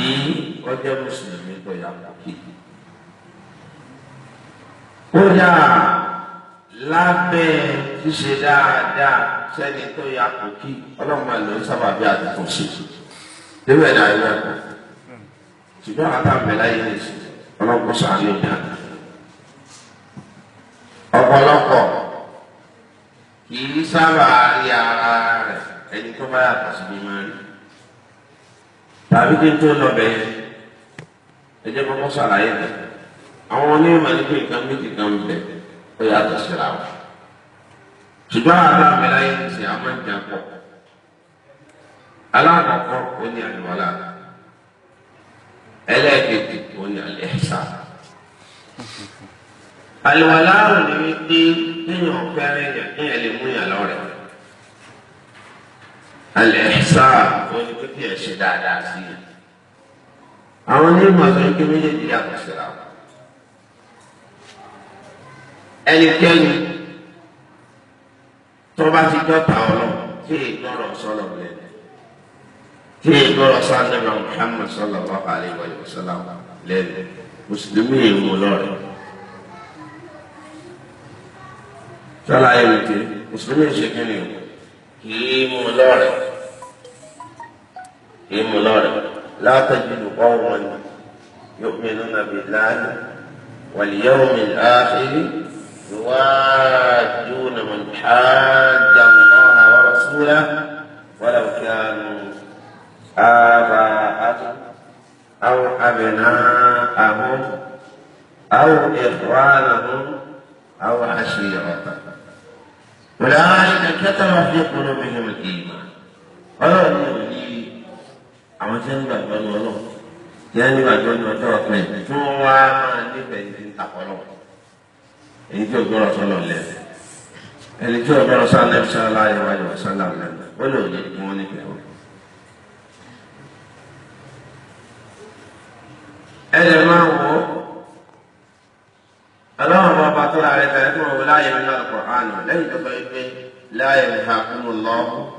tàbí ọjọ́ mùsùlùmí tó yà kókè. kódà lábẹ́ ṣíṣe dáadáa sẹ́ni tó yà kókè ọlọ́mọ ẹ̀ ló ń sábà bí àdúgbò sí i. débẹ̀ náà ẹ̀rọ ẹ̀kọ́ ṣùgbọ́n àtàbẹ̀ láyé lè ṣe ọlọ́gbọ́n sàánú ìyá. ọ̀pọ̀lọpọ̀ kì í sábà rí ara rẹ̀ ẹni tó bá yàtọ̀ sí bí máa rí tàbí kí n tó lọ bẹ̀ yẹn ẹ jẹ́ kọ́kọ́ ṣàlàyé bẹ̀ àwọn onímọ̀ nípa nǹkan méjì kan bẹ̀ ó yàtọ̀ síra wọn. ṣùgbọ́n àbá mi láyé ṣe àmọ́ ìjà pọ̀ alákọ̀ọ́kọ́ ó ní àlùwalá ẹlẹ́ẹ̀kejì ó ní àlẹ́ṣà. àlùwalá ò ní wí pé kéèyàn fẹ́rẹ̀ yàn kéèyàn lè mú yàn lọ́rẹ̀ẹ́ al-ihsan òní pé kí ẹ ṣe dáadáa sí i àwọn onímọ̀ sọ pé méjèèjì yàtọ̀ síra wọn ẹnikẹ́ni tó bá ti dọ́ta ọlọ́run tí ìgbọ́rọ̀ sọ̀rọ̀ lẹ́nu tí ìgbọ́rọ̀ sọ̀rọ̀ Muhammad sallallahu alaihi wa sallam lẹ́nu mùsùlùmí ìwò lọ́rẹ̀ sọlá ayélujára mùsùlùmí ìṣèkínni ìwò kì í mú lọ́rẹ̀ kì í mú lọ́rẹ̀ látàjú lùkọ́ wọn yu'minuna billahi wal yawmil akhir يوادون من حاد الله ورسوله ولو كانوا آباءهم أو أبناءهم أو إخوانهم أو عشيرتهم ọ̀làwáríkà kẹtàlá fi kúrò bí hẹ́mi ìmà ọlọ́run ní òní àwọn tí ń gbàgbọ́ ní ọlọ́run tí ń gbàgbọ́ ní ọjọ́ ọ̀pẹ tí wọ́n wá máa nífẹ̀ẹ́ ti ń tàkọ́ lọ. èyí tí ògbọ́rọ̀ sọ́lọ̀ lẹ́nu ẹni tí ògbọ́rọ̀ sọ́lọ̀ lẹ́nu sọ́lá ayọ̀wáyọ̀ sọ́lá lẹ́nu ó lè òní kí wọ́n nífẹ̀ẹ́ wọn. ẹ lè máa wọ́ الله ما باطل على تاريخه ولا ينهى القرآن لن تفيد لا ينهاكم الله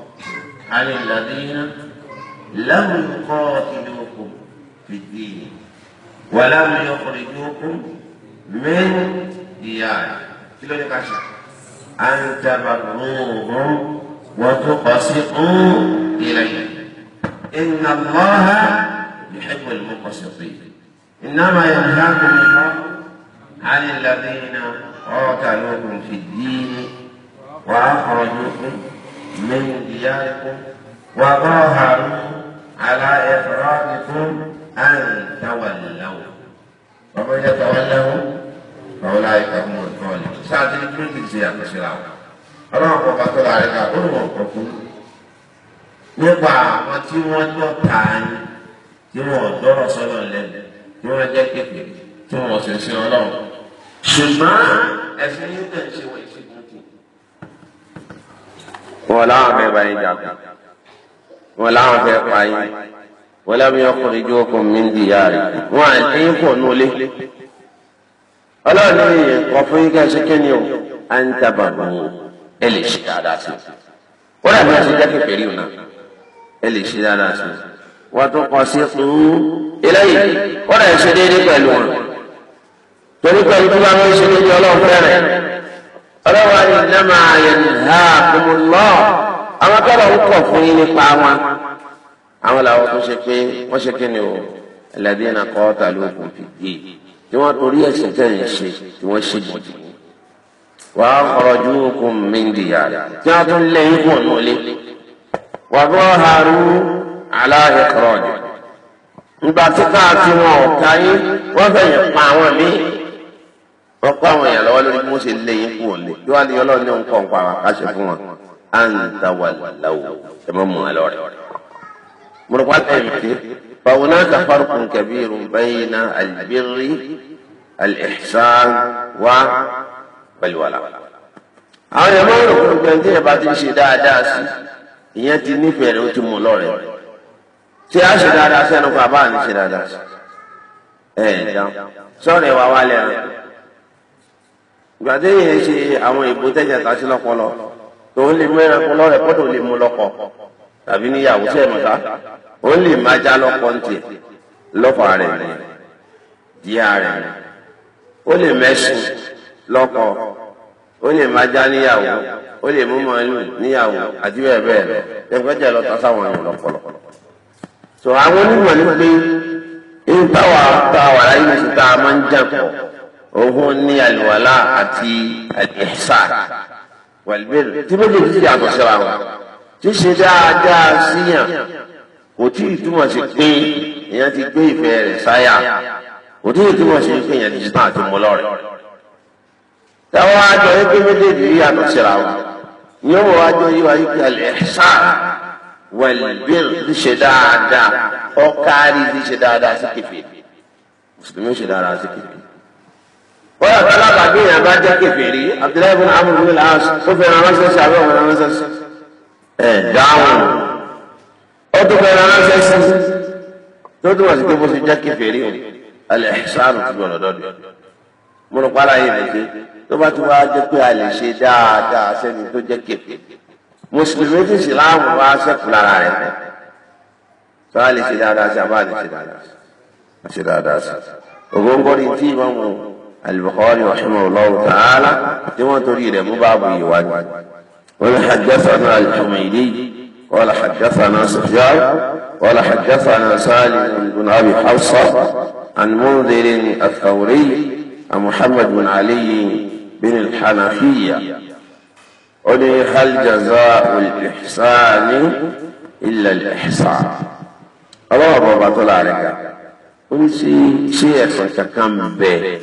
عن الذين لم يقاتلوكم في الدين ولم يخرجوكم من دياركم أن تبروهم وتقسطوا إليهم إن الله يحب المقسطين إنما ينهاكم الله عن الذين قاتلوكم في الدين وأخرجوكم من دياركم وظاهروا على إخراجكم أن تولوا ومن يتولوا فأولئك هم الظالمون ساعتين كم تجزيها كسلاو ọlọ́run kọ̀ọ̀kan tó nípa àwọn tí jọ tí tí kékeré tí ṣùgbọ́n ẹ̀sìn yìí tẹ̀ ṣe wọ́n ìṣègùn kù. wọn làwọn fẹ́ bá yín jà kù wọn làwọn fẹ́ pa yín wọn làwọn yóò kọ́ ìjọ ọkùnrin mi ń di ìyá rẹ̀ wọn à ń yín pọ̀ nulẹ̀. ọlọ́run ní ìkọ̀ fún yín kẹ́sí kẹ́ni o à ń tàbà mọ́ ẹ lè ṣe dáadáa sí i. wọ́n dàbí ẹ̀sìn jẹ́ kékeré o náà ẹ lè ṣe dáadáa sí i. wọ́n tún kọ́ sí fún eléyìí wọ́n dà ẹ̀ ṣe déédéé pẹ̀lú wọn. torí pẹ̀lú tó bá fẹ́ nye méjì ọlọ́run fẹ́rẹ̀ ọlọ́run àti ìnáma àyẹ̀nìhà àkùnmùlọ́ àwọn tọ́lọ̀ ń kọ̀ fún yín nípa wọn àwọn làwọn tó ṣe pé wọ́n wọn kọ àwọn èèyàn lọ́wọ́ lórí bí wọn ṣe lé yín kú òun lé yóò wá ní Ọlọ́run ní òun kọ nǹkan àwọn àkáṣe fún wọn à ń ta wà láwù ẹ má mú wọn lọ rẹ. mo rò pátá yìí pé báwo náà ta farqun kabirun bayna al-birri al-ihsan wa wal-wala. àwọn èèyàn máa ń rò pé gbẹ̀ǹdé yẹn bá ti ń ṣe dáadáa sí ìyẹn ti nífẹ̀ẹ́ rẹ̀ ó ti mú lọ́rẹ̀ tí a ṣe dáadáa gbàdé yẹn ṣe àwọn èbó tẹ́jà tá a ṣe lọ́pọlọ tòun lè mú ẹranko lọ́rẹ̀ kọ́tò lè mú lọ́kọ tàbí níyàwó sẹ́ẹ̀ mọ̀tá òun lè má já lọ́kọ ntì lọ́fà rẹ̀ ni díà rẹ̀ ni ó lè mẹ́sìn lọ́kọ ó lè má já níyàwó ó lè mú màálù níyàwó àti bẹ́ẹ̀ bẹ́ẹ̀ lọ ẹgbẹ́jẹ lọ tọ́ sáwọn ẹ̀wọ̀n lọ́pọlọ. sọ àwọn onímọ̀ ní pé ń táwa táwa láyé ní ti tá a máa ń jà pọ̀ òhun ní àlùwàlà àti àlìhísà wàlúbẹ̀rẹ̀ tí méjèèjì ti yàtọ̀ síra wọn ṣíṣe dáadáa síyàn kò tí ì túmọ̀ sí pé èèyàn ti gbé ìfẹ́ rẹ̀ sáyà kò tí ì túmọ̀ sí pé èèyàn ti ṣetán àti mú lọ́rẹ̀. táwọn àjọ yìí pé méjèèjì yìí yàtọ̀ síra wọn wọ àjọ yìí wáyé pé àlìhísà wàlúbẹ̀rẹ̀ ti ṣe dáadáa ọ̀kárí ti ṣe dáadáa sí kẹfẹ́ mùsùlùmí ṣe dáadáa sí kẹfẹ́ wọ́n yàtọ̀ alábàágbé yẹn bá jẹ́ kèfèrí Abdullahi bin Amr bin al-As tó fẹ́ ránṣẹ́ sí àbí ọ̀hún ránṣẹ́ sí ẹ̀ dáhùn ó tó fẹ́ ránṣẹ́ sí tó tó wà sí pé bó ti jẹ́ kèfèrí o alẹ́ sáànù tó gbọ́dọ̀ dọ́dọ̀ mo rò pa aláyé mi pé tó bá ti wá jẹ́ pé a lè ṣe dáadáa sẹ́ni tó jẹ́ kèfèrí mùsùlùmí ti ìsìláàmù wá sẹ́kù lára rẹ̀ tó a lè ṣe dáadáa sí àbá lè ṣe dáadáa sí ògóńgó البخاري رحمه الله تعالى كما تريد أبو باب يواد ولا حدثنا الحميدي ولا حدثنا سفيان ولا حدثنا سالم بن أبي حفصة عن منذر الثوري عن محمد بن علي بن الحنفية قل هل جزاء الإحسان إلا الإحسان الله بابا طلع لك قل سي شيخ وتكمل به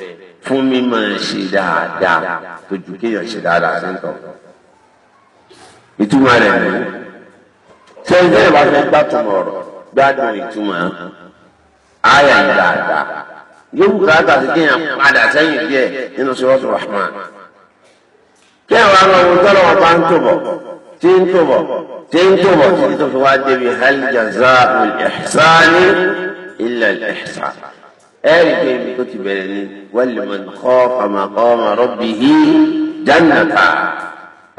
fún mi máa ṣe dáadáa tó ju kéèyàn ṣe dáadáa sí nǹkan. ìtumọ̀ rẹ̀ ni sẹ́yìn sẹ́yìn bá fẹ́ gbàtúmọ̀ ọ̀rọ̀ gbádùn ìtumọ̀ ayà ń dáadáa yóò bùkátà sí kéèyàn padà sẹ́yìn díẹ̀ nínú sọ́ọ́sì rahman. kéèyàn wá lọ wọn tọ́lọ̀ wọn bá ń tòbọ̀ tí ń tòbọ̀ tí ń tòbọ̀ tí tó fi wá débi hal jazaa'ul ihsani illa al ihsan ẹ̀rí pé ibi tó ti bẹ̀rẹ̀ ni waliman khafa maqama rabbihi jannatan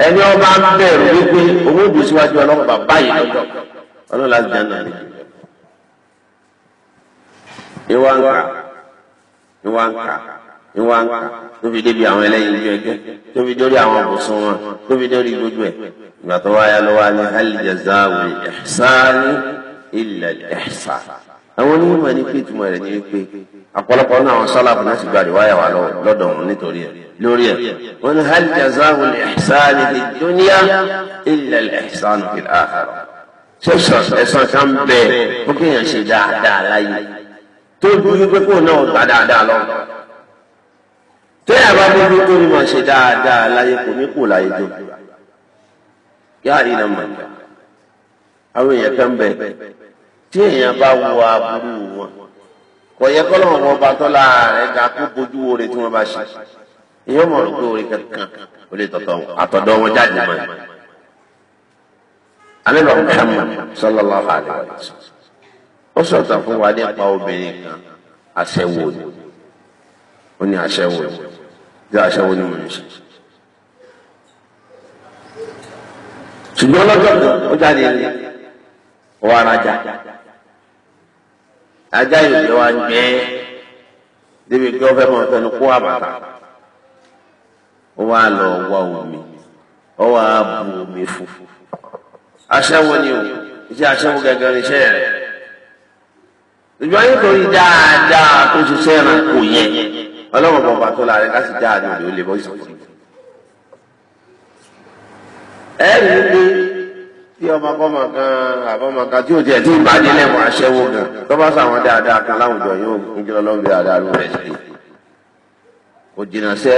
ẹni ọba ń bẹ̀rù wípé owó dùn síwájú ọlọ́pàá báyìí lọ́jọ́ ọlọ́lá jẹ́nà ni. ìwà ń ìwà ń ìwà ń tó fi débi àwọn ẹlẹ́yin ojú ẹgbẹ́ tó fi dórí àwọn ọ̀bùsùn wọn tó fi dórí gbogbo ẹ̀. ìgbà tó wáyà lọ́wọ́ ni hal jaza'u al ihsani illa al ihsan àwọn onímọ̀ ní pé ìtumọ̀ rẹ̀ ní wípé ọ̀pọ̀lọpọ̀ náà àwọn sálàbù náà ti gba àríwáyà wà lọ́dọ̀ wọn nítorí ẹ̀ lórí ẹ̀ wọn ni hal jazahu al-ihsan fi dunya illa al-ihsan fil akhirah ṣẹ̀ṣọ̀ ẹ̀sán kan bẹ̀ ó kéèyàn ṣe dáadáa láyé tó dúró pé kó náà gbà dáadáa lọ tẹ́yà bá bójú tó ní máa ṣe dáadáa láyé kò ní kò láyé tó yáà rí tí èèyàn bá wo aburú wọn kò yẹ kọ́ lọ́wọ́ wọn bá tọ́ láàárẹ̀ ga kó bójú wo rẹ̀ tí wọ́n bá ṣe èèyàn mọ̀ rò pé kankan ó lè tọ̀tọ̀ àtọ̀dọ̀ wọn jáde mọ́ ẹ̀. alẹ́ lọ́wọ́ Muhammad sallallahu alaihi wa sallam ó sọ̀tàn fún wa nípa obìnrin kan aṣẹ́wó ni ó ní aṣẹ́wó ni bí aṣẹ́wó ni mo ń ṣe. ṣùgbọ́n lọ́jọ́ kan ó jáde ní ọwọ́ arajà ajá ìrìnlẹ̀ wa ń gbẹ́ débi pé ó fẹ́ mọ fẹnu kó àbàtà ó wá lọ wá omi ó wá bu omi fufu aṣẹ́wó ni o iṣẹ́ aṣẹ́wó gẹ́gẹ́ ní iṣẹ́ rẹ̀ ìjọba yóò torí dáadáa tó ṣiṣẹ́ rẹ̀ kò yẹ ọlọ́run bọ̀bà tó la rẹ̀ láti dáadáa ló lè bọ́ ìsọ̀kùnrin. ẹ̀rí ni pé tí ọmọ kọ́mọ kan àbọ̀mọ kan tí ò tiẹ̀ tí ìbàdí lẹ́wọ̀n aṣẹ́wó gan tó bá sàwọn dáadáa kan láwùjọ yóò ń kí lọ́lọ́run bí àdáa rẹ̀ ṣe. kò jìnnà sẹ́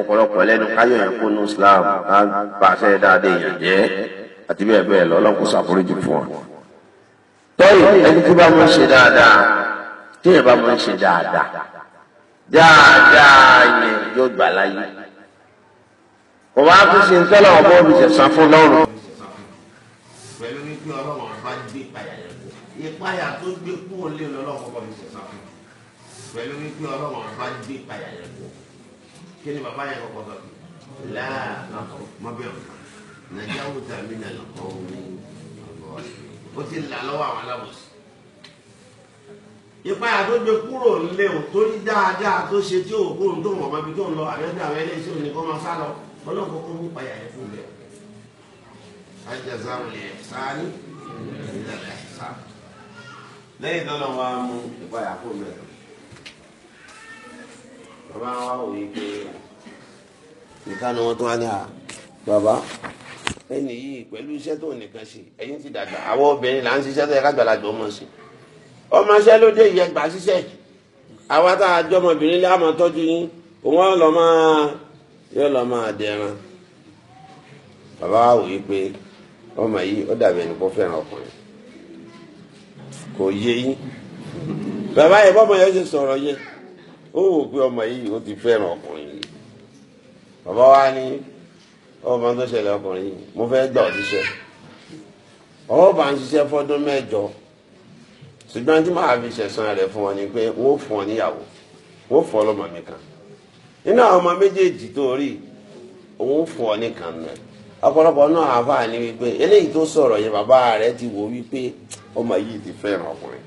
ọ̀pọ̀lọpọ̀ lẹ́nu káyọ̀ yẹn kúnú Islam a pàṣẹ dáadé èèyàn jẹ́ àti bẹ́ẹ̀ bẹ́ẹ̀ lọ́lọ́run kò ṣàforíjì fún wa. tọ́yì ẹni tí bá mọ̀ ń ṣe dáadáa tí èèyàn bá mọ̀ ń ṣe dáadáa dáadáa yẹn yóò gbà láyé kò pé ọlọ́run bá gbé ìpayà yẹn kú ìpayà tó gbé kú òlé ọlọ́run bá fi sẹ̀sán fún pẹ̀lú wípé ọlọ́run bá gbé ìpayà yẹn kú kí ni bàbá yẹn kọ́kọ́ sọ láà má bẹ̀rù nàìjíríà tàbí nàìjíríà omi ó ti là lọ́wọ́ àwọn alábòsí ìpayà tó gbé kúrò nílé o torí dáadáa tó ṣe tí òògùn tó wọ̀n bá bi tó ń lọ àbẹ́tẹ̀ فجزاء الإحسان إلى الإحسان lẹ́yìn tó lọ́wọ́ á mú ìpayà fún mi bàbá wa wò yí pé nìkan ni wọ́n tún á ní à bàbá ẹnì yìí pẹ̀lú iṣẹ́ tó nìkan ṣe ẹ̀yin ti dàgbà àwọn obìnrin là ń ṣiṣẹ́ tó yẹ ká gbàlagbà ọmọ ṣe ọmọ iṣẹ́ ló dé ìyẹn gbà ṣiṣẹ́ àwa tá a jọmọ obìnrin lé àmọ́ tọ́jú yín òun lọ́ máa yóò lọ́ máa dẹran bàbá wa wò yí pé ọmọ yìí ó dàbí ẹni pọ fẹ́ràn ọkùnrin kò yé yín bàbá yẹn bọ́mọ yẹn ṣe sọ̀rọ̀ yẹn ó wò pé ọmọ yìí ó ti fẹ́ràn ọkùnrin yìí bàbá wa ní ọmọ tó ṣẹlẹ̀ ọkùnrin yìí mo fẹ́ gbà ọ́ ṣiṣẹ́ ọwọ́ bá ń ṣiṣẹ́ fọ́dún mẹ́jọ ṣùgbọ́n tí màá fi ṣẹ̀san rẹ̀ fún ọ ni pé wọ́n fún ọ níyàwó wọ́n fún ọ lọ́mọ mi kan nínú àwọn ọmọ méjèèjì tó rí òun fún ọ nìkan náà ọ̀pọ̀lọpọ̀ náà àáfàá ni wípé eléyìí tó sọ̀rọ̀ yẹn bàbá rẹ̀ ti wò wípé ọmọ yìí ti fẹ́ràn ọkùnrin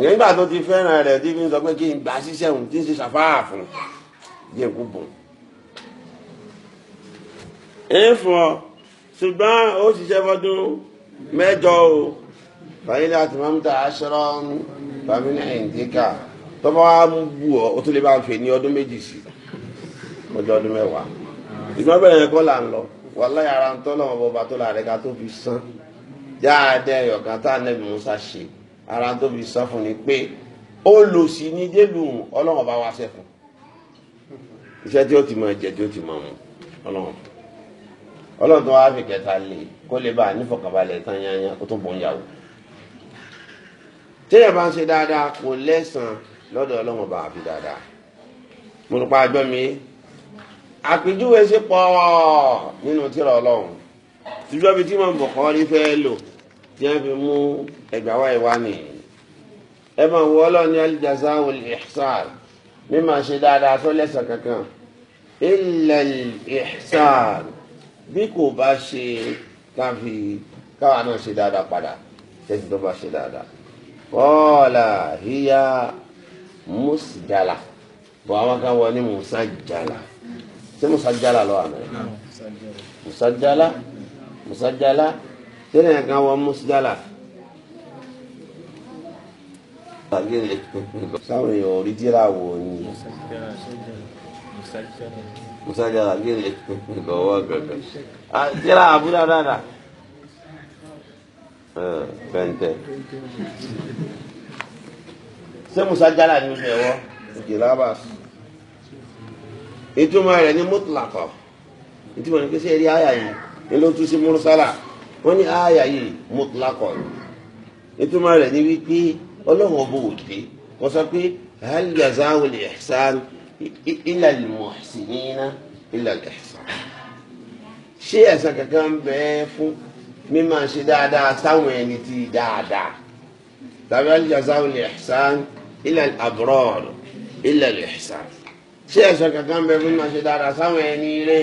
nígbà tó ti fẹ́ràn rẹ̀ tí fi ń sọ pé kí n gbà ṣiṣẹ́ òun tí ń ṣe ṣàfáà fún yẹn kú bùn. èèfọ̀ ṣùgbọ́n ó ṣiṣẹ́ fọdún mẹ́jọ o fàyín láti máa ta aṣọ́rọ́ fàmílì ẹ̀ǹdíkà tọ́ba wa mú bù ọ́ ó tún lè bá ń fè ní ọdún méjì sí ọjọ́ ọdún mẹ́wàá ìgbọ́n bẹ̀rẹ̀ yẹn kọ́ là ń lọ wàláyà ara ń tọ́lọ̀ wọn bọba tó la rẹ̀ ká tó fi sán jáde ẹ̀yọ̀kan tá ànẹ́bí Musa ṣe ara tó fi sán fún ni pé ó lò sí ní délùú ọlọ́run bá wá sẹ́fún iṣẹ́ tí ó ti máa jẹ tí ó ti máa mu ọlọ́run ọlọ́run tó wáá fi kẹta lè kó lè bá a nífọ̀kànbalẹ̀ tán yányá kó tó bọ́n yàwó téèyàn bá ń ṣe dáadáa kò lẹ́sàn-án lọ́dọ̀ ọlọ́run bá a fi dáadáa mo nípa ẹgbẹ́ mi àpèjúwe ṣe pọ̀ nínú tírà ọlọ́run tìjọ́ bí tí mo bọ̀ kọ́ rí fẹ́ lò tí wọ́n fi mú ẹgbàá ìwá nì ẹ mọ̀ wọ́ ọlọ́run ní al-jazāu al-ihsān mímọ̀ ṣe dáadáa tó lẹ́sàn kankan illā al bí kò bá ṣe káfí káwa náà ṣe dáadáa padà tẹ́sí tó bá ṣe dáadáa qāla hiya musjala bọ̀ àwọn kan wọ ní musajjala ṣé musajala lọ àná musajala musajala ṣé ní ẹ̀ka wọ musajala. sáwọn èèyàn orí tíra wò ni musajala gírí lọ́wọ́ gàgà tíra àbúrò dáadáa fẹ́ntẹ́ ṣé musajala ni ó ṣe wọ́ ìjìlá bá sùn ìtumọ̀ rẹ̀ ní mutlaqah ìtumọ̀ ní pèsè rí àyà yẹn ní ló tú sí mursala wọ́n ní àyà yìí mutlaqah ìtumọ̀ rẹ̀ ní wípé ọlọ́run ọbọ̀ òde wọ́n sọ pé hal jazawul ihsan illa al muhsinina illa al ihsan ṣé ẹ̀san kankan bẹ́ẹ̀ fún mímọ̀ ṣe dáadáa sáwọn ẹni tí dáadáa tàbí hal jazawul ihsan illa al abrar illa ṣé ẹ̀sọ́ kankan bẹ fún máa ṣe dáadáa sáwọn ẹni rẹ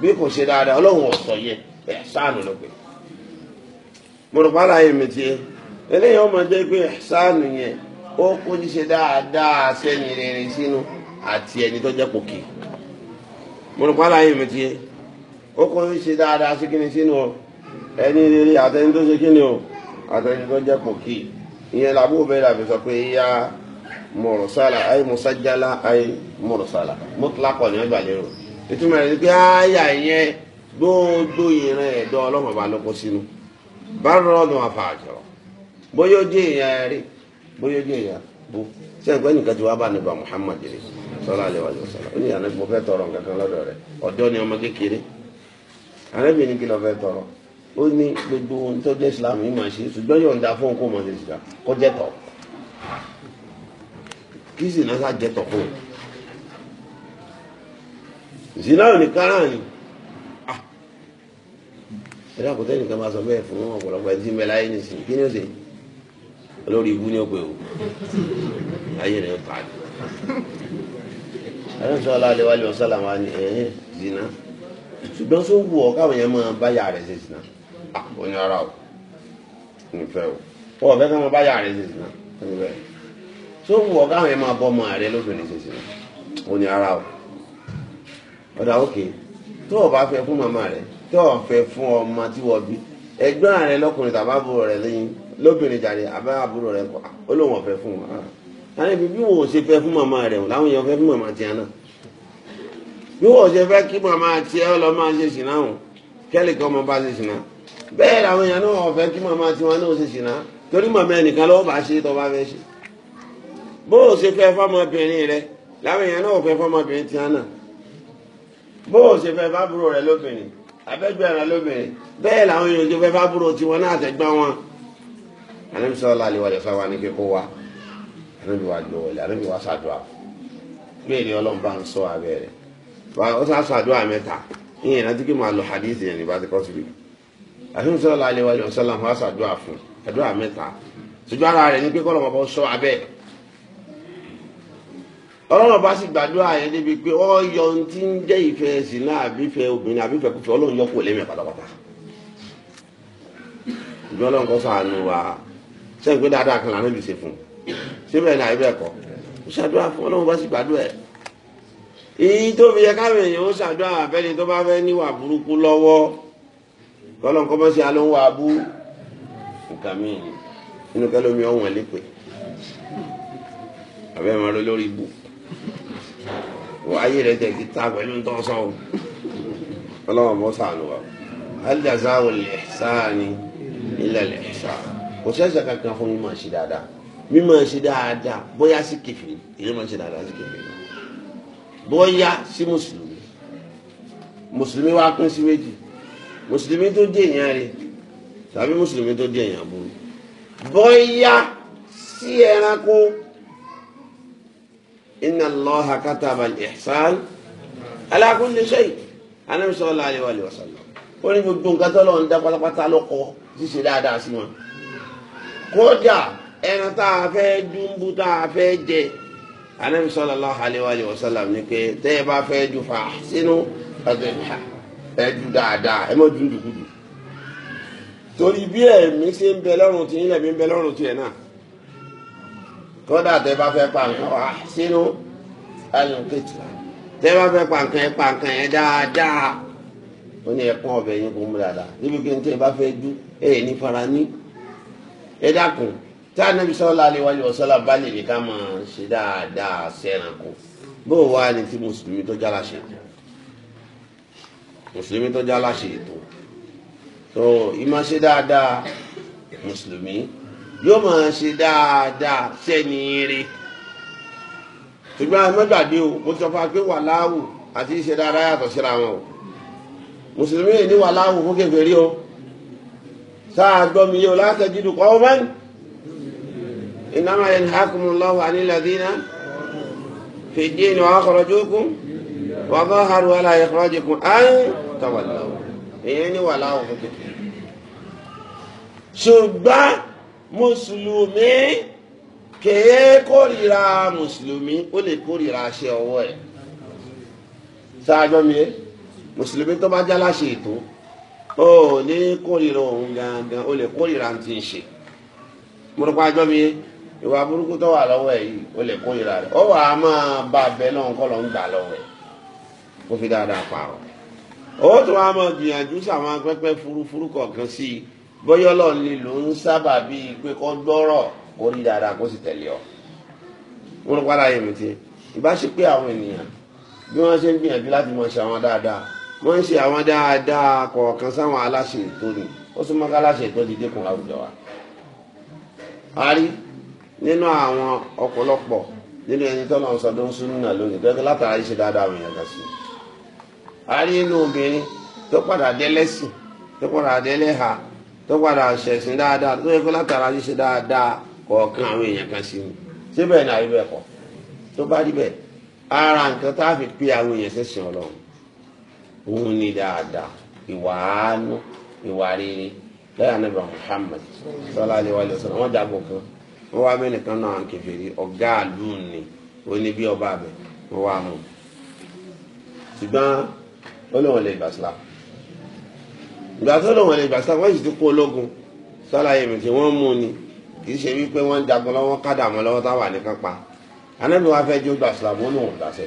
bí kò ṣe dáadáa ọlọ́run ọ̀sọ̀ yẹ ẹ̀sánù ló pé mo rò mi ti eléyìí ọmọ jẹ́ pé ẹ̀sánù yẹn ó kó ṣíṣe dáadáa sẹ́ni rere sínú àti ẹni tó jẹ́ pòkì mo rò mi ti ó kó dáadáa sí kíni sínú ẹni rere àtẹni tó ṣe kíni o àtẹni tó jẹ́ pòkì ìyẹn làbúrò bẹ́ẹ̀ mọ̀rọ̀sálà ayé mọ̀sájálá ayé mọ̀rọ̀sálà mọ́tòlákọ̀ ní ọgbà lérò ìtumọ̀ rẹ̀ pé àyà yẹn gbogbo ìran ẹ̀dọ́ ọlọ́mọ bá lọ́kọ́ sínú bá rọ́ọ̀dùn àfàjọ́ bóyá ó jẹ́ èèyàn rí bóyá ó jẹ́ èèyàn bó ṣé ẹ̀gbẹ́ nìkan ti wá bá nígbà Muhammad rẹ̀ sọ́lá alẹ́ wàjú sọ́lá ó ní àná mo fẹ́ tọrọ nǹkan kan lọ́dọ̀ rẹ̀ ọ̀dọ́ ni ọmọ kékeré arábìnrin kí lọ fẹ́ tọrọ ó ní gbogbo ohun tó jẹ́ Islam yìí máa ṣe ṣùgbọ́n yóò da fún òun kó mọ̀ ṣe ṣìkà kó jẹ́ kí zina sá jẹ tọ̀kọ̀ zina ò ní kárà ni ah. ẹ dàpọ̀ tẹ́lẹ̀ kan máa sọ bẹ́ẹ̀ fún ọ̀pọ̀lọpọ̀ ẹtí mẹ́lá yé ní sìn kí ni ó ṣe olórí ibú ni ó pè ó ayé rẹ̀ ń pa ni ẹ̀rọ sọ aláàlẹ́ wálé ọ̀sán làwọn ni ẹ̀yìn zina ṣùgbọ́n sọ wù ọ káwọn yẹn ah, máa báyà rẹ̀ ṣe zina ó ní ara o nífẹ̀ẹ́ o wọ́n fẹ́ káwọn báyà rẹ̀ ṣe zina níbẹ̀ tó wù ọ káwọn yẹn máa bọ ọmọ rẹ lóbìnrin ṣèṣe ò ní ara o ọ̀dà òkè tó o bá fẹ́ fún màmá rẹ tó o fẹ́ fún ọmọ tí wọ́n bí ẹgbẹ́ rẹ lọ́kùnrin tàbá àbúrò rẹ lẹ́yìn lóbìnrin jàre àbá àbúrò rẹ kọ́ ó lóun ọ̀fẹ́ fún wọn àwọn ah. ibi bí wọn ò ṣe fẹ́ fún màmá rẹ wọn làwọn yẹn fẹ́ fún màmá tiẹ̀ náà bí wọn ṣe fẹ́ kí màmá tiẹ̀ lọ máa ṣe ṣìnà wọn kẹ́lì kan máa bá ṣe ṣìnà bẹ́ẹ̀ làwọn yẹn náà ọ̀fẹ́ kí màmá tiwọn náà ṣe ṣìnà torí màmá ẹnìkan lọ́wọ́ bá ṣe tó bá fẹ́ ṣe bó o ṣe fẹ́ fọmọbìnrin rẹ láwọn èèyàn náà ò fẹ́ fọmọbìnrin tí wọn náà bó o ṣe fẹ́ fábúrò rẹ lóbìnrin abẹ́gbẹ́ rẹ lóbìnrin bẹ́ẹ̀ làwọn èèyàn ṣe fẹ́ fábúrò tiwọn náà àtẹ̀gbọ́n wọn. ànábì sọ́lá àlewàlẹ̀ sáwọn ní kíkó wa ànábì wa gbọ̀wọ̀lẹ̀ ànábì wa ṣàdúrà bẹ́ẹ̀ ni ọlọ́run bá ń sọ abẹ́ rẹ̀ ó sá ṣàdúrà mẹ́ta ìyẹn náà tí kì máa lọ hadith yẹn nígbà tí kò síbi. ànábì sọ́lá àlewàlẹ̀ sọ́lá wa ṣàdúrà fún àdúrà mẹ́ta ṣùgbọ́n ara rẹ̀ ní ọlọ́run bá sì gbàdúrà yẹn débi pé ọ yọ ohun tí ń jẹ́ ìfẹ́ ẹ̀sìn náà àbífẹ́ obìnrin àbífẹ́ kúfẹ́ ọlọ́run yọ kó lẹ́mìí pátápátá ìjọ ọlọ́run kọ́ sàánú wa sẹ́yìn pé dáadáa kan lànà ìbísẹ̀ fún un síbẹ̀ ní àìbẹ̀ kọ́ ó ṣàdúrà fún ọlọ́run bá sì gbàdúrà ẹ̀ èyí tó fi yẹ káwọn èèyàn ó ṣàdúrà àfẹ́ni tó bá fẹ́ níwà burúkú lọ́wọ́ kọ́lọ́n kọ́ mọ́sí alóhùn abú nǹkan mìíràn inú kẹ́lómi ọ̀hún ẹ̀ lépè àbẹ́ máa lọ lórí ibù wọ ayé rẹ tẹ̀ kí ta pẹ̀lú ń tọ́ sọ́wọ́ ọlọ́wọ́ bọ́ sànù wa hal jazaa'u al-ihsani illa al-ihsan kò sẹ́sẹ̀ kankan fún mímọ̀ ṣe dáadáa mímọ̀ ṣe dáadáa bóyá sí kẹfì èyí mọ̀ ṣe dáadáa sí kẹfì bóyá sí mùsùlùmí mùsùlùmí wa pín sí méjì mùsùlùmí tó dé èèyàn rẹ tàbí mùsùlùmí tó dé èèyàn burú bóyá sí ẹranko inna allaha kataba al-ihsan ala kulli shay anabi sallallahu alayhi wa sallam ó ní gbogbo nǹkan tó lọ́wọ́ ń dá pátápátá lọ́kọ́ ṣíṣe dáadáa sí wọn. kódà ẹran tá a fẹ́ dúnbú tá a fẹ́ jẹ anabi sallallahu alayhi wa sallam ni pé tẹ́ ẹ bá fẹ́ ju fa sínú ọ̀gbìn ẹ ju dáadáa ẹ mọ̀ dúndùkúdù. torí bí ẹ̀mí ṣe ń bẹ lọ́rùn tí yín lẹ̀mí ń bẹ lọ́rùn tiẹ̀ náà kódà tẹ bá fẹ́ pa nǹkan wá sínú ẹyìn kejìlá tẹ bá fẹ́ pa nǹkan ẹ pa nǹkan ẹ dáadáa ó ní ẹkún ọbẹ̀ yín kò mú dáadáa níbi kí n tẹ bá fẹ́ dú ẹ ní fara ní ẹ dákun tí Ànábì sallallahu alaihi wasallam bá lè ní ká máa ṣe dáadáa sẹ́ranko bó wá ni tí mùsùlùmí tó jálá ṣe tó mùsùlùmí tó jálá ṣe tó tó ìmáṣe dáadáa mùsùlùmí yóò máa ṣe dáadáa sẹ́ni rí ṣùgbọ́n àwọn mẹ́gbàdé o mo ti sọ fún wa pé wàláwù àti ìṣe dáadáa yàtọ̀ síra wọn o mùsùlùmí yìí ní wàláwù fún kèfèrí o sáà gbọ́ mi yóò látẹ̀jú dùkọ́ ọ̀bẹ́ni ìnáma yẹn hakumullahu anil ladina fi ddin wa akhrajukum wa zaharu ala ikhrajikum an tawallaw èyí ní wàláwù fún kèfèrí ṣùgbọ́n mùsùlùmí kèé kórìíra mùsùlùmí ó lè kórìíra aṣẹ ọwọ́ ẹ̀ sáájọ́ mi mùsùlùmí tó bá jáláṣe ètò ó ní kórìíra òun gangan ó lè kórìíra ti ń ṣe múrùpá ajọ́ mi ìwà burúkú tó wà lọ́wọ́ ẹ̀ yìí ó lè kórìíra rẹ̀ ó wà á máa bá a bẹ́ẹ̀ lọ́hùn kọ́ lọ́n gbà lọ́wọ́ ẹ̀ kó fi dáadáa pààrọ̀ ó tún wá máa gbìyànjú sáwọn pẹ́pẹ́ furufuru kọ̀ọ̀kan sí i bóyá ọlọ́run lè lò ń sábà bíi pé kọ́ gbọ́rọ̀ kó rí dáadáa kó sì tẹ̀lé ọ. wọ́n lọ padà yẹ̀mí ti ìbáṣepé àwọn ènìyàn bí wọ́n ṣe ń gbìyànjú láti mọ̀ ṣe àwọn dáadáa wọ́n ń ṣe àwọn dáadáa kọ̀ọ̀kan sáwọn aláṣẹ ètò ni ó súnmọ́ káláṣẹ ètò ti dínkù láwùjọ wa. a rí nínú àwọn ọ̀pọ̀lọpọ̀ nínú ẹni tó lọ sọdún ń sún náà lónìí pé látara ṣe dáadáa àwọn èèyàn kan sí a rí nínú obìnrin tó padà délẹ́sìn tó padà délẹ́ha tó padà ṣẹ̀sìn dáadáa tó yẹ kó látara ṣíṣe dáadáa kọ̀ọ̀kan àwọn èèyàn kan sí ni síbẹ̀ ní àríwẹ̀ kọ̀ tó bá rí bẹ́ẹ̀ ara nǹkan tá a fi pé àwọn èèyàn ṣẹ̀sìn ọlọ́run òun ni dáadáa ìwà àánú ìwà rere lẹ́yìn anábìà Muhammad sọlá aliwa ilé ọ̀sán wọ́n dàgbò kan wọ́n wá mẹ́nìkan náà kẹfẹ́rí ọ̀gá àlù ni ó ní bí ọba àbẹ̀ wọ́n wá mú ṣùgbọ́n ó lóun lè gbà sílámù ìgbà tó lòun ẹni ìgbà sáwọn èsì tó kó ológun sálàyé mi tí wọ́n mú ni kì í ṣe wípé wọ́n ń jagun lọ́wọ́ kádà mọ́ lọ́wọ́ táwa nìkan pa anábì wa fẹ́ jó gbà sàlámù ó lòun dàṣẹ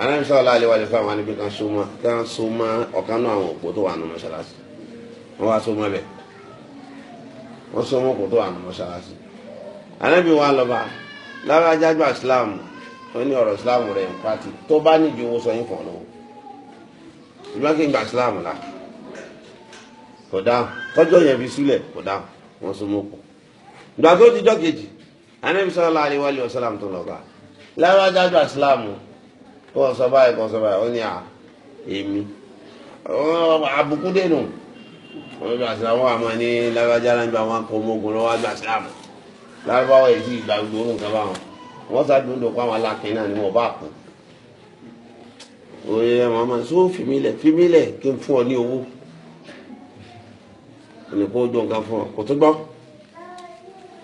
anábì sọlá alẹ́ wa lè fẹ́ àwọn níbi kan súnmọ́ kan súnmọ́ ọ̀kan náà àwọn òpó tó wà nù mọ́ṣáláṣí wọ́n wá súnmọ́ bẹ́ẹ̀ wọ́n súnmọ́ òpó tó wà nù mọ́ṣáláṣí anábì wa lọ́ba lára ajá gbà sàlámù wọ́n ní ọ̀rọ̀ sàlámù rẹ̀ ń pàtì tó bá níjó owó sọ yín fọ̀ lọ́wọ́ ìgbà kí n gbà sàlámù láti kò dáhùn tọ́jọ́ yẹn fi sílẹ̀ kò dáhùn wọ́n so mọ́ pọ̀. ìgbà tó ti jọ́ kejì anabi sallallahu alaihi wa alihi wasallam tó lọ́ba lára dájú àsìlámù kò sọ báyìí kò sọ báyìí ó ní à èmi àbùkù dènù wọ́n bí àsìlámù àmọ́ ní lágbájá láńgbà wọn kò mọ́gun lọ́wọ́ àjọ àsìlámù lárúbáwọ̀ èyí ti ìgbà gbogbo nǹkan báwọn wọ́n sàdúró dòkó àwọn alákin náà ni wọ́n bá kú. òye ẹ̀ mọ̀ ọ́n máa sọ fìmílẹ̀ fìmílẹ̀ kí n fún ọ ní owó ẹni kó jó nǹkan fún ọ kò tó gbọ́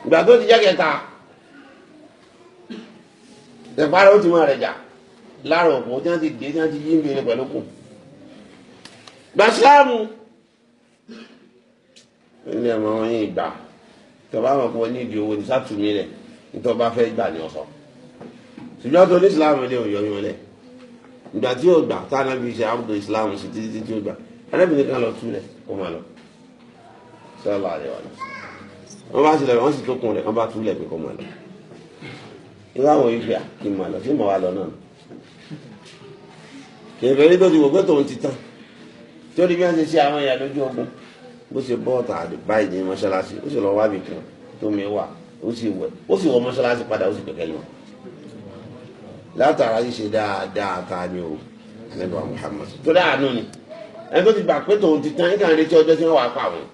ìgbà tó ti jẹ́ kẹta ìpara ó ti máa rẹ̀ jà lára òkú tí wọ́n ti dé tí wọ́n ti yí ń bèrè pẹ̀lú kù gbàsílámù ilé ẹ̀mọ́ wọn yín ìgbà tọba àwọn ọkùnrin ní ìdí owó ní sátúmí rẹ̀ nítorí ọba fẹ́ gbà ní ọ̀sán ṣùgbọ́n tó ní ìsìlámù ilé òyìn ọyún rẹ̀ ìgbà tí yóò gbà tá a náà fi ṣe àbùdó ìsìlámù sí títí tí yóò gbà arábìnrin kan lọ túlẹ̀ kó máa lọ sallallahu alaihi wa sallam wọ́n bá sílẹ̀ wọ́n sì tó kun rẹ̀ wọ́n bá túlẹ̀ pé kó máa lọ irú àwọn ife kì í máa lọ sí màá wa lọ náà kèfé rí tó ti wò pé tòun ti tán torí bí wọ́n ṣe ṣe àwọn ìyá lójú ogun bó ṣe bọ́ ọ̀tà báyìí ní mọ́ṣáláṣí ó sì lọ wá bì kan tó mi wà ó sì wẹ̀ ó sì wọ mọ́ṣáláṣí padà ó sì kẹ̀kẹ́ lọ látara ṣíṣe dáadáa ta ni o ànábì wa Muhammad tó dáa nù ni ẹni tó ti gbà pé tòun ti tán ẹni kàn retí ọjọ́ tí wọ́n wà pa àwọn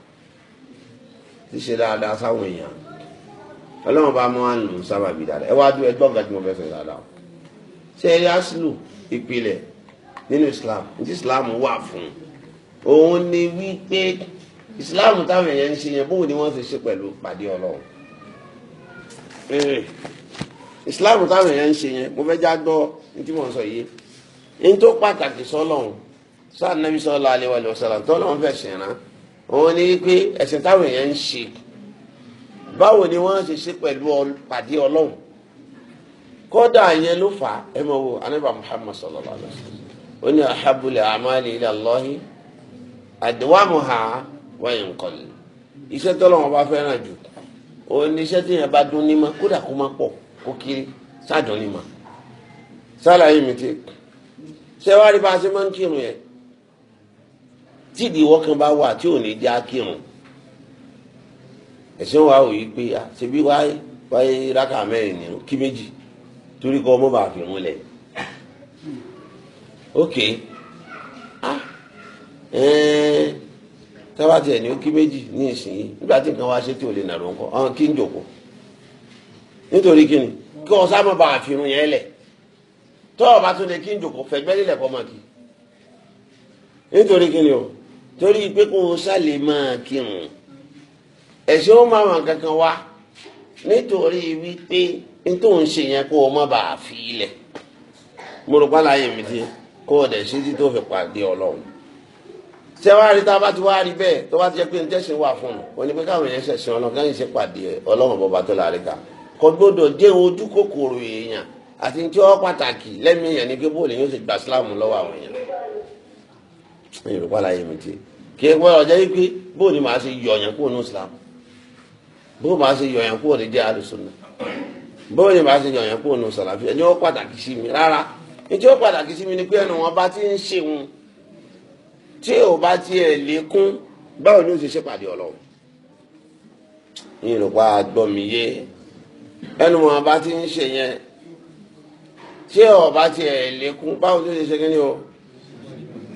ṣíṣe dáadáa sáwọn èèyàn ọlọ́run bá mọ́ àlùm sábàbí dáadáa ẹ wá dúró ẹgbọ́n gàdí mo fẹ́ sọ dáadáa ṣe eré aslu ìpìlẹ̀ nínú islam ní islam wà fún òun ni wípé islam táwọn èèyàn ń ṣe yẹn bóun ni wọ́n ti ṣe pẹ̀lú pàdé ọlọ́run eh, islam táwọn èèyàn ń ṣe yẹn mo fẹ́ já gbọ́ ní tí mò ń sọ yìí ní tó pàtàkì sọlọ́run sáà nàbí sallallahu alaihi wa sallam òun ni pé ẹ̀sìn táwọn èèyàn ń ṣe báwo ni wọ́n ṣe ṣe pẹ̀lú pàdé ọlọ́run kódà yẹn ló fà á ẹ mọ̀ wo anábà muhammad sallallahu alayhi wa sallam ó ní ahabul amali ila Allahi adwamuha wa in qalla iṣẹ́ tọ́lọ́wọ́n bá fẹ́ràn jù òun ni iṣẹ́ tí yẹn bá dún ní ma kódà kó má pọ̀ kó kiri sáà dún ní ma sálàyé mi ti ṣé wàá rí bá a ṣe máa ń kírun yẹn tí ìdíwọ́ kan bá wà tí ò ní já kírun ẹ̀sìn wa ò yí pé àṣebí wáyé wáyé rákà mẹ́rin ni kí méjì torí kọ́ ọmọ bá fi múlẹ̀ ok ah ẹ̀ẹ́n tábàtì ẹ̀ ní kí méjì ní ìsìn nígbà tí nǹkan wá ṣe tí ò lè nàró ńkọ ọ̀hún kí ń jòkó nítorí kí ni kí ọ sáà mọ̀ bá fi irun yẹn lẹ̀ tọ́ ọ bá tún lè kí ń jòkó fẹ̀gbẹ́ lílẹ̀ kọ́ mọ̀ kí nítorí kí ni o torí pé kò sálè máa kírun ẹ̀sìn ó máa wà kankan wá nítorí wípé nítorí ń ṣe yẹn kó o má bàa fi ilẹ̀ mo rò pálá yẹn mi ti kó o dẹ̀ ṣe tí tó fi pàdé ọlọ́run tí a bá rí tá a bá ti wá rí bẹ́ẹ̀ tó bá ti jẹ́ pé ní tẹ́sán wà fún un òní pé káwọn èèyàn ṣẹ̀ṣẹ̀ ọlọ́run káyìn ṣe pàdé ọlọ́run bọ̀bá tó láàrin ká kò gbọ́dọ̀ jẹ́ ojú kòkòrò èèyàn àti ní tí wọ́n pàtàkì lẹ́mìí èèyàn ní pé bóòlù yóò ṣe gbà síláàmù lọ́wọ́ àwọn èèyàn ní yorùbá láyé mi ti kí ẹ gbọ́dọ̀ jẹ́ wípé bó ni màá ṣe yọ̀yàn kúrò ní islam bó màá ṣe yọ̀yàn kúrò ní jẹ́ alùsùnà bó ni màá ṣe yọ̀yàn kúrò ní sàlàfíà ẹni ó pàtàkì sí mi rárá ètò ó pàtàkì sí mi ni pé ẹnu wọn bá ti ń ṣe wọn tí ò bá tiẹ̀ lékún báwo ni ó ṣe ṣèpàdé ọlọ́run ní yorùbá gbọ́ yé ẹnu wọn bá ti ń ṣe yẹn tí ò bá tiẹ̀ lékún báwo ni ó ṣe ṣe kí ni o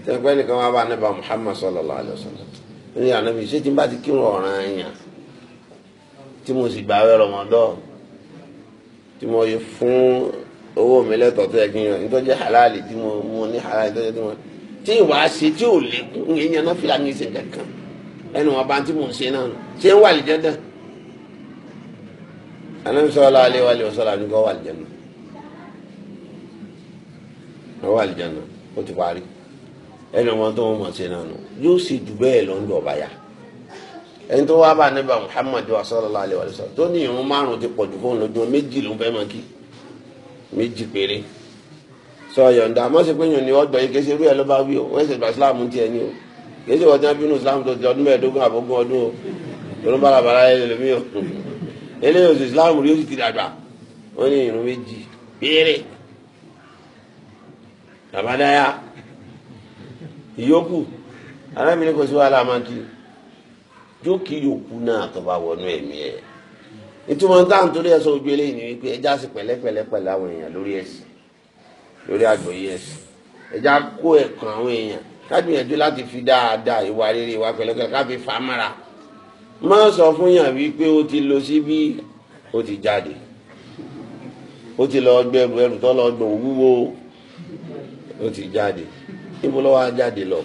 tẹ́lifẹ́ nìkan wá bá anábà Muhammad sallallahu alayhi wa sallam ní ànábì ṣé tí n bá ti kírun ọ̀ràn èèyàn tí mo sì gbààwẹ̀ rọmọdọ́ tí mo yẹ fún owó mi lẹ́tọ̀ tó yẹ kí n yọ nítorí halali tí mo mo ní halali tó yẹ kí n yọ tí ìwà ṣe tí ò lékún èèyàn náà fìlà ní ìṣẹ̀lẹ̀ kan ẹnu wọn bá tí mò ṣe náà ṣé ń wà lè jẹ́dẹ̀ anábì sallallahu alayhi wa sallam ní kò wà lè jẹ́nu wà lè jẹ́nu ó ti parí ẹni wọn tó wọn mọ̀ sí náà nù yóò sì jù bẹ́ẹ̀ lọ ń ẹni tó wá bá níbà muhammadu sallallahu alaihi wa sallam tó ní ìrún márùn ti pọ̀ jù fóun lójú méjì ló ń fẹ́ máa kí méjì péré sọ yọ̀ǹda àmọ́ sí pé yòó ni ọgbọ̀n yìí kéṣe irú ẹ̀ ló bá wí o wọ́n ṣe gba islam tiẹ̀ ni o kéṣe wọ́n ti ń bínú islam tó ti ọdún mẹ́ẹ̀ẹ́dógún àbógún ọdún o tó ń bára bàrá ẹ̀ lómi o eléyìí oṣù islam rí oṣù ti dàgbà wọ́n ní ìrún méjì péré àbádáyà ìyókù arábìnrin kò sí wàhálà máa kí jókì yòókù náà tó wọnú ẹ̀mí ẹ̀ ìtumọ̀ táwọn torí ẹ̀ ojú eléyìí ni wípé ẹja sì pẹ̀lẹ́pẹ̀lẹ́ pẹ̀lú àwọn èèyàn lórí ẹ̀sìn lórí àgbọ́yé ẹ̀sìn ẹja kó ẹ̀kan àwọn èèyàn kájúyẹ̀jú láti fi dáadáa ìwà rere ìwà pẹ̀lẹ́pẹ̀lẹ́ ká fi fà á mára má sọ fún yàn wípé ó ti lọ síbí ó ti jáde ó ti lọ gbẹrù ẹrù tó lọ gbọ òwúwo ó ti jáde níbo lọ́wọ́ ajáde lọ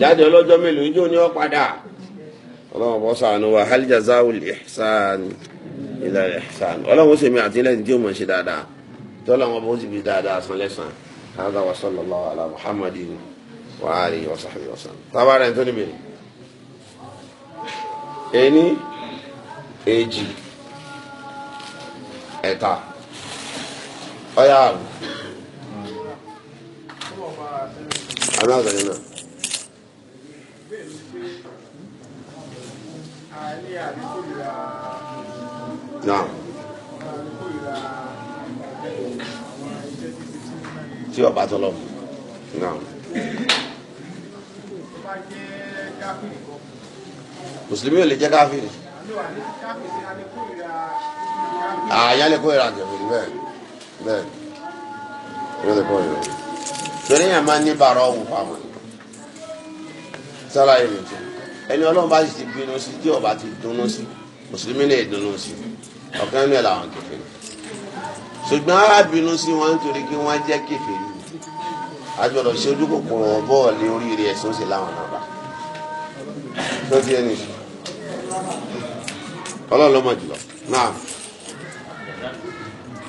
jáde ọlọ́jọ́ mélòó ijó ni ó padà ọlọ́run bọ́ sànù wa hal jazawul ihsan illa ihsan ọlọ́run ó sèmi àtìlẹ́yìn tí ó mọ̀ ṣe dáadáa tọ́lọ́run bó ti fi dáadáa san lẹ́sàn hàdà wa sallallahu ala muhammadin wa alihi wa sahbihi wa sallam tábàárẹ̀ ń tó níbi rẹ̀ èjì ẹ̀ta ọ̀yà àbù. aláàdá yẹn náà. náà tí ọba tọ lọ. náà. mùsùlùmí ò lè jẹ́ káfíìn. àyálẹ̀ kórìíra àgbẹ̀wò bẹ́ẹ̀ bẹ́ẹ̀ yóò lè kórìíra torí yẹn máa ń ní bàrọ̀ ọ̀hún fáwọn sára yìí nìtú ẹni ọlọ́run bá sì ti bínú sí tí ọba ti dùnnú sí mùsùlùmí náà dùnnú sí ọ̀kan náà làwọn kèfèrí ṣùgbọ́n á bínú sí wọn nítorí kí wọ́n jẹ́ kèfèrí àjọ̀dọ̀ ṣe ojú kòkòrò ọ̀bọ̀ lé oríire ẹ̀sùn sí láwọn náà bá tó ti ẹni ọlọ́run ló mọ̀ jùlọ náà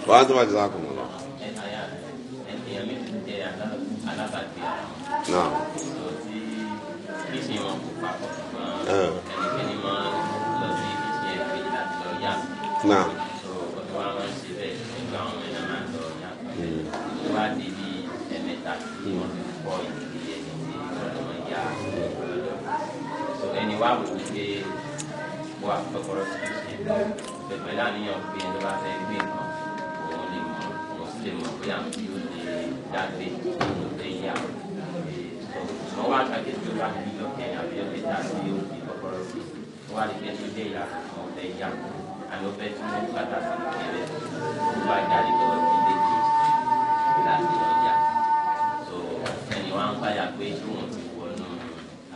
wàá tó bá ti sá kùn mọ́. alábàágbé ara wọn. sọ tí kìsì wọn kò papọ̀ ẹnikẹ́ni máa lọ sí kìsì ẹ̀ pé láti lọ yá. sọ ọ̀dọ́ wa máa ń ṣe bẹ́ẹ̀ nígbà àwọn ọmọ ẹ̀dá máa ń lọ yá. Hmm. tó bá di bí ẹ̀mẹ́ta tí wọ́n ti kọ́ ìdílé ẹni tí wọ́n that day to the year. So no one can get to that day of Kenya because that day of the corporal wà ní kẹ́tù dé ìyá ọ̀fẹ́ ìyá àmì ọ̀fẹ́ tí wọ́n bàtà sí ìkẹlẹ̀ tó bá jáde lọ sí ilé láti ọjà so ẹni wọn ń báyà pé tí wọn ti wọnú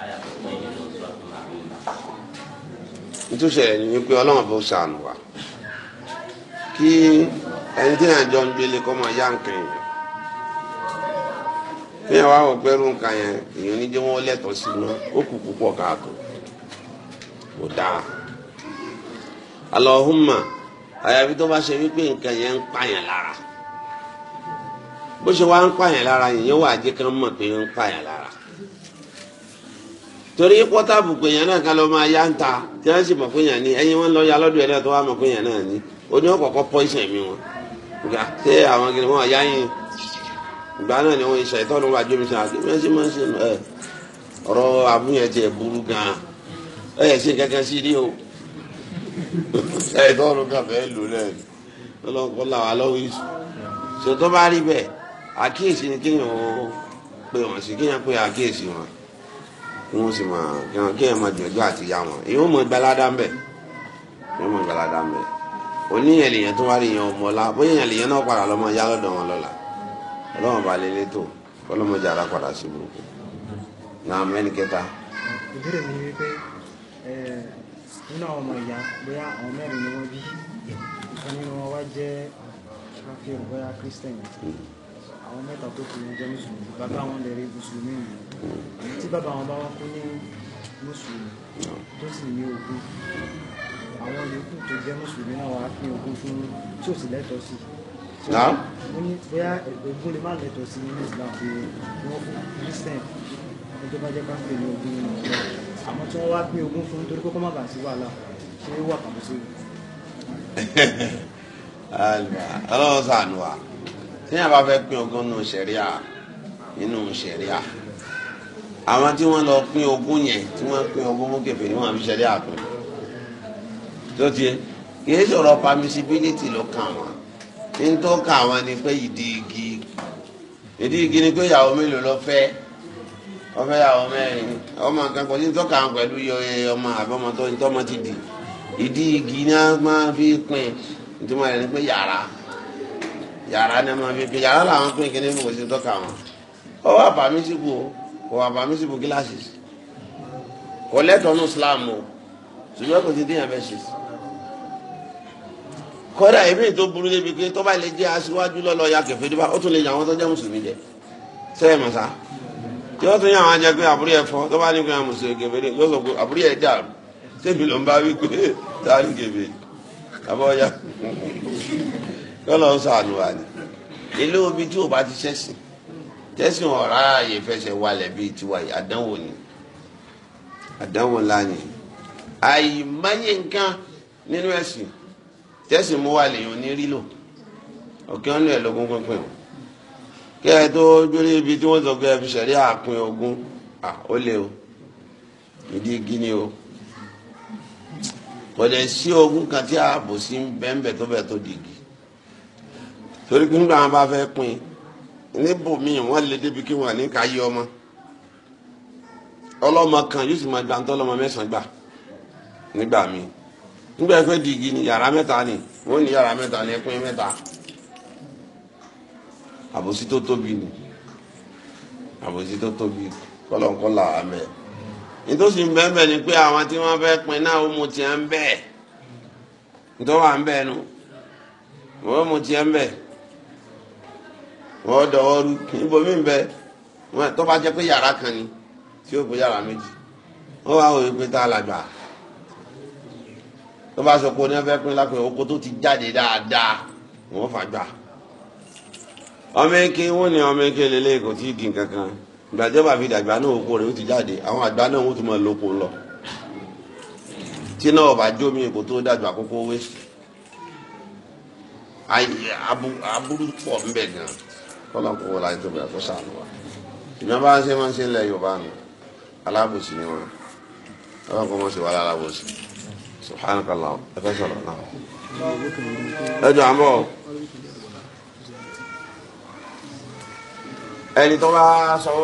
ayàtọ̀pọ̀ nínú sọ́ọ̀tún àbúrò. nítúnṣe ẹni wípé ọlọ́run bó sànù wá kí ẹni tí ìrìnàjò ń gbélé kọ́ mọ yá nǹkan yìí fíyàn wá wọ pẹ́rù nka yẹn èèyàn ní jẹ́ wọ́n lẹ́tọ̀ọ́ sí mọ́ ó kù púpọ̀ káàtó kò dáa. alọ́hùnmá àyàfi tó bá ṣe wípé nǹkan yẹn ń lara. lára bó ṣe wá ń pààyàn lára yìí yóò wà jẹ́ mọ̀ torí kan lọ mọ̀ ya lọ́dún ẹ̀ náà tó ìgbà náà ni wọn ṣe ìtọ́ ló wà jó mi sàn àti wọn ṣe máa ń ṣe ẹ ọ̀rọ̀ àbúyẹn tiẹ̀ burú gan-an ẹ yẹ ṣe kankan sí ní o ṣe ìtọ́ ló kàn fẹ́ lò náà ọlọ́kọ́ làwọn alọ́wọ́ yìí sọ tó bá rí bẹ́ẹ̀ àkíyèsí ni kéèyàn ó pé wọn sí kéèyàn pé àkíyèsí wọn kí wọn sì máa kéèyàn kéèyàn máa gbìyànjú àti yá wọn èyí ó mọ gbalada ńbẹ èyí ó mọ gbalada ńbẹ oníyẹn lèyàn tó wá rí yẹn ọmọ ọlá bóyá yẹn lèyàn náà padà lọ máa wọn lọ́la ọlọ́run bá lé létò ọlọ́mọdé ara padà sí burúkú náà mẹ́ni kẹta. ìbéèrè mi wípé nínú àwọn ọmọ ìyá bóyá àwọn mẹ́rin ni wọ́n bí ìkan nínú wọn wá jẹ́ káfíìn bóyá kírísítẹ̀nì àwọn mẹ́ta tó kù ní jẹ́ mùsùlùmí bàbá wọn lè rí mùsùlùmí nìyẹn tí bàbá wọn bá wá kú ní mùsùlùmí tó sì ní ogún àwọn yòókù tó jẹ́ mùsùlùmí náà wá pín ogún fún tí ò sì lẹ́tọ̀ọ́ sí i náà. mo ní bóyá ogún lè má lẹ́tọ̀ọ́ sí nínú Islam pé wọ́n fún Christian ẹni tó bá jẹ́ ká pè ní ogún nínú ọ̀gá àmọ́ tí wọ́n wá pín ogún fún nítorí kókó má bàa sí wàhálà ṣé wà kàmú sí i. Ah, ọlọ́run sànù wa tíyẹn bá fẹ́ pín ogún nínú ṣẹ̀ríà nínú ṣẹ̀ríà àwọn tí wọ́n lọ pín ogún yẹn tí wọ́n pín ogún mú kẹfẹ́ ni wọ́n fi ṣẹ̀ríà pín tó tiẹ̀ kì í sọ̀rọ̀ permissibility ló kàn wọ́n. ní tó ka wọn ni pé ìdí igi ìdí igi ni pé ìyàwó mélòó lọ fẹ́ ọfẹ ìyàwó mẹ́rin ọmọ kan kò ní tó ka wọn pẹ̀lú iye ọmọ àbí tó igi ni a máa fi ìtumọ̀ rẹ̀ ni pé yàrá yàrá ni a máa fi pin yàrá làwọn pín kí ni kò sí tó wọn ó wà pàmísìbò kò wà kíláàsì kò lẹ́tọ̀ọ́ o ṣùgbọ́n kò ti dín kọ́dà ìbí tó burú débi pé tó bá lè jẹ́ aṣíwájú lọ́lọ́ ya kẹfẹ́ dúpá ó tún lè yàn àwọn tó jẹ́ mùsùlùmí jẹ sẹ́yìn mọ̀sá tí wọ́n tún yàn àwọn ajẹ́ pé àbúrí ẹ̀ fọ́ tó bá ní pé àwọn mùsùlùmí kẹfẹ́ dé yóò sọ pé àbúrí ẹ̀ dàrú sẹ́mi ló ń bá wí pé dárí kẹfẹ́ àbọ̀yá lọ́lọ́ ń sàánú wa ni ilé omi tí ò bá ti ṣẹ́sìn tẹ́sìn ọ̀rá ààyè fẹsẹ̀ walẹ̀ bíi tiwa yìí àdánwò ni àdánwò ńlá ni àyè tẹ́sí mú wà lèyìn onírílò ọ̀kẹ́ ọ̀nà ẹ̀ lógún pínpín o kí ẹ tó dúró ibi tí wọ́n sọ pé ẹ fi ṣẹ̀rí àpín ogún ó lè o ìdí igi ni o kò lè sí ogún kan tí ààbò sí bẹ́ẹ̀nbẹ́ tó bẹ́ẹ̀ tó dìgì torí pé nígbà wọn bá fẹ́ pín níbòmíì wọ́n lè débi kí wọ́n ní ká yí ọmọ ọlọ́mọ kan yóò sì máa gbàǹtọ́ ọlọ́mọ mẹ́sàn-án gbà nígbà míì. nígbà pé ni yàrá mẹ́ta ni wọ́n ní yàrá mẹ́ta ni ẹkùn mẹ́ta àbòsí tó tóbi ni àbòsí tó tóbi kọ́lọ̀kọ́lọ̀ àmẹ́ nítòsí bẹ́ẹ̀ ni pé àwọn tí wọ́n fẹ́ pin náà ó mu tiẹ̀ ń bẹ́ẹ̀ nítorí wà ń bẹ́ẹ̀ nu wọ́n mu tiẹ̀ ń bẹ́ẹ̀ wọ́n dọ̀wọ́ rú níbo mí bẹ́ẹ̀ tó bá jẹ́ pé yàrá kan ni tí ó gbé yàrá tó bá sọ pé oní ẹfẹ pín lápẹ oko tó ti jáde dáadáa wọn fà gbà. ọmọ eke wọn ni ọmọ eke lélẹ kò tí ì di nǹkan kan gbàjọba fi dàgbà náà oko rẹ ó ti jáde àwọn àgbà náà wọn tún máa lóko lọ tí náà ọba jó mi kò tó dàgbà kókó wé aburú pọ̀ ń bẹ̀ gan kọ́lá kó wọlé ayé tó bẹ̀rẹ̀ tó sànù wa ìgbà bá ń ṣe máa ń ṣe ń lẹ Yorùbá nù alábòsí ni wọn ọlọ́kọ́ mọ̀ sí wàhálà alábòsí subhanaka allah ẹ fẹ́ sọ̀rọ̀ náà ẹ jọ àmọ́ ẹni tó bá sọ.